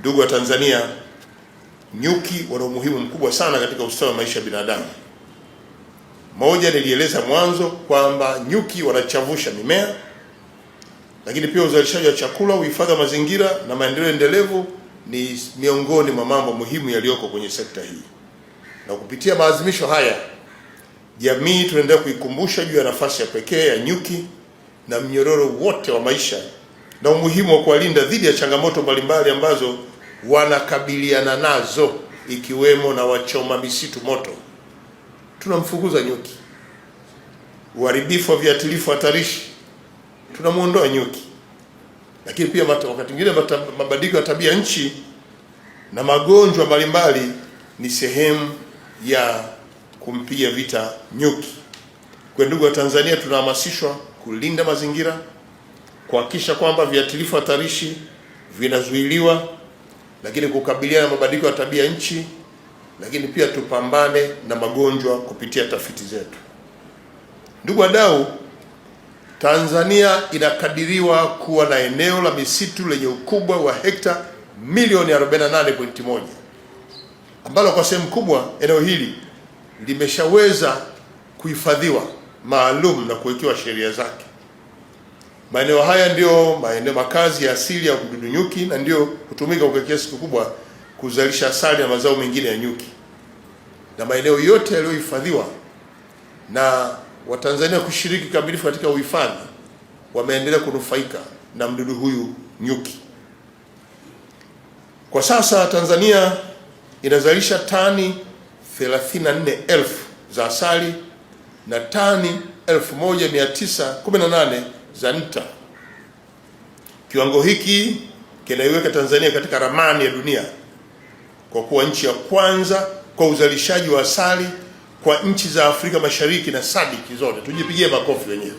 Ndugu wa Tanzania, nyuki wana umuhimu mkubwa sana katika ustawi wa maisha ya binadamu. Moja, nilieleza mwanzo kwamba nyuki wanachavusha mimea, lakini pia uzalishaji wa chakula, uhifadhi wa mazingira na maendeleo endelevu ni miongoni mwa mambo muhimu yaliyoko kwenye sekta hii, na kupitia maazimisho haya jamii tunaendelea kuikumbusha juu ya nafasi ya pekee ya nyuki na mnyororo wote wa maisha na umuhimu wa kuwalinda dhidi ya changamoto mbalimbali ambazo wanakabiliana nazo, ikiwemo na wachoma misitu moto. Tunamfukuza nyuki. Uharibifu wa viuatilifu hatarishi, tunamwondoa nyuki. Lakini pia wakati mwingine mabadiliko ya tabia nchi na magonjwa mbalimbali ni sehemu ya kumpiga vita nyuki. Kwa ndugu wa Tanzania, tunahamasishwa kulinda mazingira, kuhakikisha kwamba viuatilifu hatarishi vinazuiliwa lakini kukabiliana na mabadiliko ya tabia nchi, lakini pia tupambane na magonjwa kupitia tafiti zetu. Ndugu wadau, Tanzania inakadiriwa kuwa na eneo la misitu lenye ukubwa wa hekta milioni 48.1 ambalo kwa sehemu kubwa eneo hili limeshaweza kuhifadhiwa maalum na kuwekewa sheria zake. Maeneo haya ndiyo maeneo makazi ya asili ya mdudu nyuki na ndiyo hutumika kwa kiasi kikubwa kuzalisha asali na mazao mengine ya nyuki, na maeneo yote yaliyohifadhiwa na Watanzania kushiriki kamilifu katika uhifadhi wameendelea kunufaika na mdudu huyu nyuki. Kwa sasa Tanzania inazalisha tani 34,000 za asali na tani 1918 za nta. Kiwango hiki kinaiweka Tanzania katika ramani ya dunia kwa kuwa nchi ya kwanza kwa uzalishaji wa asali kwa nchi za Afrika Mashariki na SADC zote. Tujipigie makofi wenyewe.